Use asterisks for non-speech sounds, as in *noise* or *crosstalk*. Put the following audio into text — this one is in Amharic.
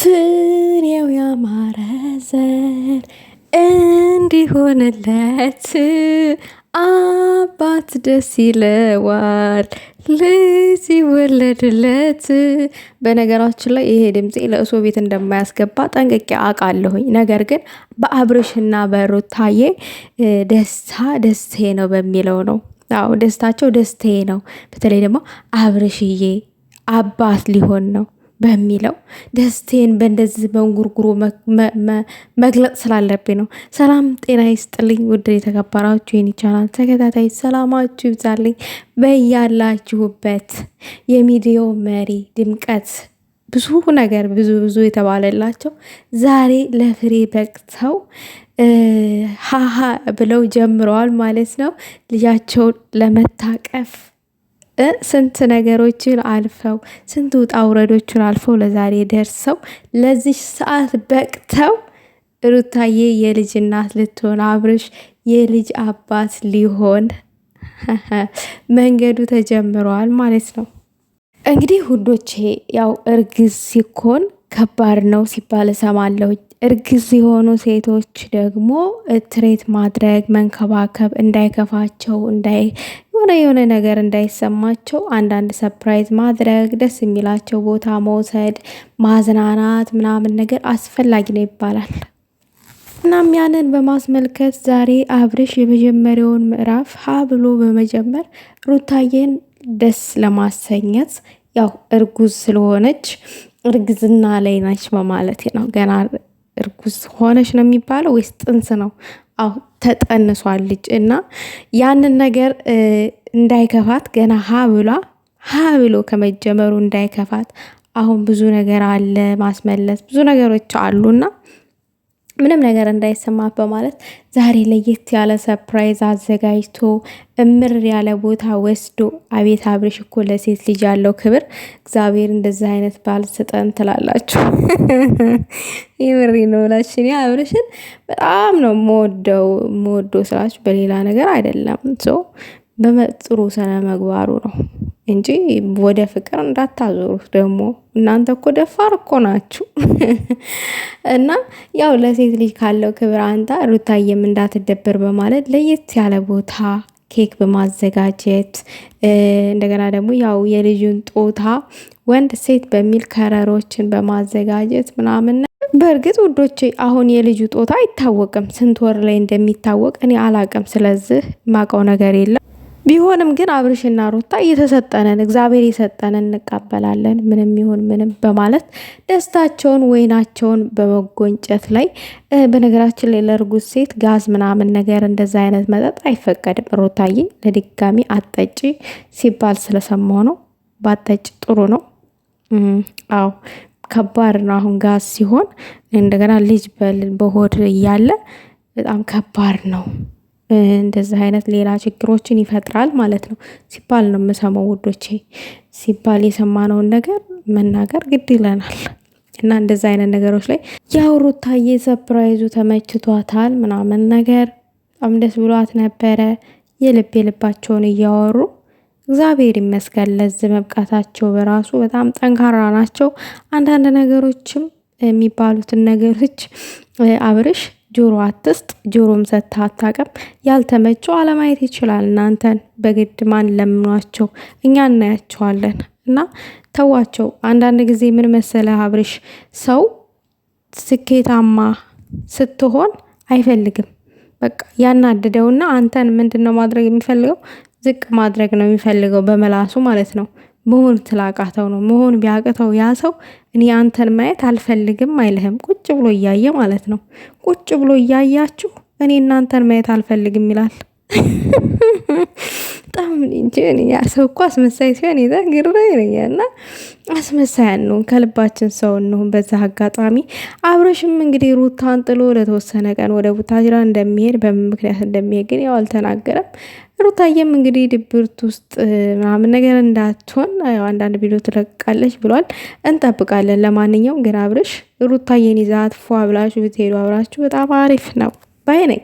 ፍሬው ያማረ ዘር እንዲሆንለት አባት ደስ ይለዋል፣ ልጅ ይወለድለት። በነገራችን ላይ ይሄ ድምፄ ለእሶ ቤት እንደማያስገባ ጠንቅቄ አውቃለሁኝ። ነገር ግን በአብርሽና በሩታዬ ደስታ ደስቴ ነው በሚለው ነው። አዎ ደስታቸው ደስቴ ነው። በተለይ ደግሞ አብርሽዬ አባት ሊሆን ነው በሚለው ደስቴን በእንደዚህ በእንጉርጉሮ መግለጽ ስላለብኝ ነው። ሰላም ጤና ይስጥልኝ። ውድ የተከበራችሁ ይን ይቻላል። ተከታታይ ሰላማችሁ ይብዛልኝ በያላችሁበት። የሚዲዮ መሪ ድምቀት ብዙ ነገር ብዙ ብዙ የተባለላቸው ዛሬ ለፍሬ በቅተው ሀሀ ብለው ጀምረዋል ማለት ነው ልጃቸውን ለመታቀፍ ስንት ነገሮችን አልፈው ስንት ውጣ ውረዶችን አልፈው ለዛሬ ደርሰው ለዚህ ሰዓት በቅተው ሩታዬ የልጅ እናት ልትሆን አብርሽ የልጅ አባት ሊሆን *laughs* መንገዱ ተጀምረዋል ማለት ነው። እንግዲህ ሁዶቼ ያው እርግዝ ሲኮን ከባድ ነው ሲባል እሰማለሁ። እርግዝ የሆኑ ሴቶች ደግሞ ትሬት ማድረግ መንከባከብ እንዳይከፋቸው የሆነ የሆነ ነገር እንዳይሰማቸው አንዳንድ ሰፕራይዝ ማድረግ፣ ደስ የሚላቸው ቦታ መውሰድ፣ ማዝናናት ምናምን ነገር አስፈላጊ ነው ይባላል። እናም ያንን በማስመልከት ዛሬ አብርሽ የመጀመሪያውን ምዕራፍ ሀ ብሎ በመጀመር ሩታዬን ደስ ለማሰኘት ያው እርጉዝ ስለሆነች እርግዝና ላይ ነች በማለት ነው። ገና እርጉዝ ሆነች ነው የሚባለው ወይስ ጥንስ ነው? ተጠንሷል ልጅ እና ያንን ነገር እንዳይከፋት ገና ሀ ብሏ ሀ ብሎ ከመጀመሩ እንዳይከፋት አሁን ብዙ ነገር አለ ማስመለስ ብዙ ነገሮች አሉና ምንም ነገር እንዳይሰማት በማለት ዛሬ ለየት ያለ ሰፕራይዝ አዘጋጅቶ እምር ያለ ቦታ ወስዶ፣ አቤት አብርሽ እኮ ለሴት ልጅ ያለው ክብር እግዚአብሔር እንደዚህ አይነት ባል ስጠን ትላላችሁ። ይምሪ *laughs* ነው ብላችሁ እኔ አብርሽን በጣም ነው መወደው መወዶ ስላችሁ በሌላ ነገር አይደለም። ሰው በመጥሩ ስነ መግባሩ ነው። እንጂ ወደ ፍቅር እንዳታዞሩት ደግሞ እናንተ እኮ ደፋር እኮ ናችሁ። *laughs* እና ያው ለሴት ልጅ ካለው ክብር አንጣ ሩታዬም እንዳትደበር በማለት ለየት ያለ ቦታ ኬክ በማዘጋጀት እንደገና ደግሞ ያው የልጁን ጦታ ወንድ ሴት በሚል ከረሮችን በማዘጋጀት ምናምን በእርግጥ ውዶች አሁን የልጁ ጦታ አይታወቅም፣ ስንት ወር ላይ እንደሚታወቅ እኔ አላቅም። ስለዚህ ማቀው ነገር የለም። ቢሆንም ግን አብርሽና ሩታ እየተሰጠነን እግዚአብሔር የሰጠንን እንቀበላለን ምንም ይሁን ምንም በማለት ደስታቸውን ወይናቸውን በመጎንጨት ላይ በነገራችን ላይ ለእርጉዝ ሴት ጋዝ ምናምን ነገር እንደዛ አይነት መጠጥ አይፈቀድም። ሩታዬ ለድጋሚ አጠጪ ሲባል ስለሰማሁ ነው። ባጠጪ ጥሩ ነው። አዎ ከባድ ነው። አሁን ጋዝ ሲሆን እንደገና ልጅ በሆድ እያለ በጣም ከባድ ነው። እንደዚህ አይነት ሌላ ችግሮችን ይፈጥራል ማለት ነው ሲባል ነው የምሰማው ውዶቼ። ሲባል የሰማነውን ነገር መናገር ግድ ይለናል። እና እንደዚ አይነት ነገሮች ላይ ያው ሩታዬ ሰፕራይዙ ተመችቷታል ምናምን ነገር በጣም ደስ ብሏት ነበረ። የልብ የልባቸውን እያወሩ እግዚአብሔር ይመስገን ለዚ መብቃታቸው በራሱ በጣም ጠንካራ ናቸው። አንዳንድ ነገሮችም የሚባሉትን ነገሮች አብርሽ ጆሮ አትስጥ፣ ጆሮም ሰጥተህ አታቀም። ያልተመቸው አለማየት ይችላል። እናንተን በግድ ማን ለምኗቸው፣ እኛ እናያቸዋለን። እና ተዋቸው። አንዳንድ ጊዜ ምን መሰለ አብርሽ፣ ሰው ስኬታማ ስትሆን አይፈልግም። በቃ ያናደደውና አንተን ምንድን ነው ማድረግ የሚፈልገው? ዝቅ ማድረግ ነው የሚፈልገው በመላሱ ማለት ነው። መሆን ትላቃተው ነው። መሆን ቢያቅተው ያ ሰው እኔ አንተን ማየት አልፈልግም አይልህም። ቁጭ ብሎ እያየ ማለት ነው። ቁጭ ብሎ እያያችሁ እኔ እናንተን ማየት አልፈልግም ይላል። በጣም እንጂ ሰው እኮ አስመሳይ ሲሆን ይዘ ግር እና አስመሳይ አንሁን፣ ከልባችን ሰው እንሁን። በዛ አጋጣሚ አብረሽም እንግዲህ ሩታን ጥሎ ለተወሰነ ቀን ወደ ቡታጅራ እንደሚሄድ በምን ምክንያት እንደሚሄድ ግን ያው አልተናገረም። ሩታየም እንግዲህ ድብርት ውስጥ ምናምን ነገር እንዳትሆን አንዳንድ ቪዲዮ ትለቃለች ብሏል። እንጠብቃለን። ለማንኛውም ግን አብረሽ ሩታየን ይዛት ፏ ብላችሁ ብትሄዱ አብራችሁ በጣም አሪፍ ነው ባይ ነኝ።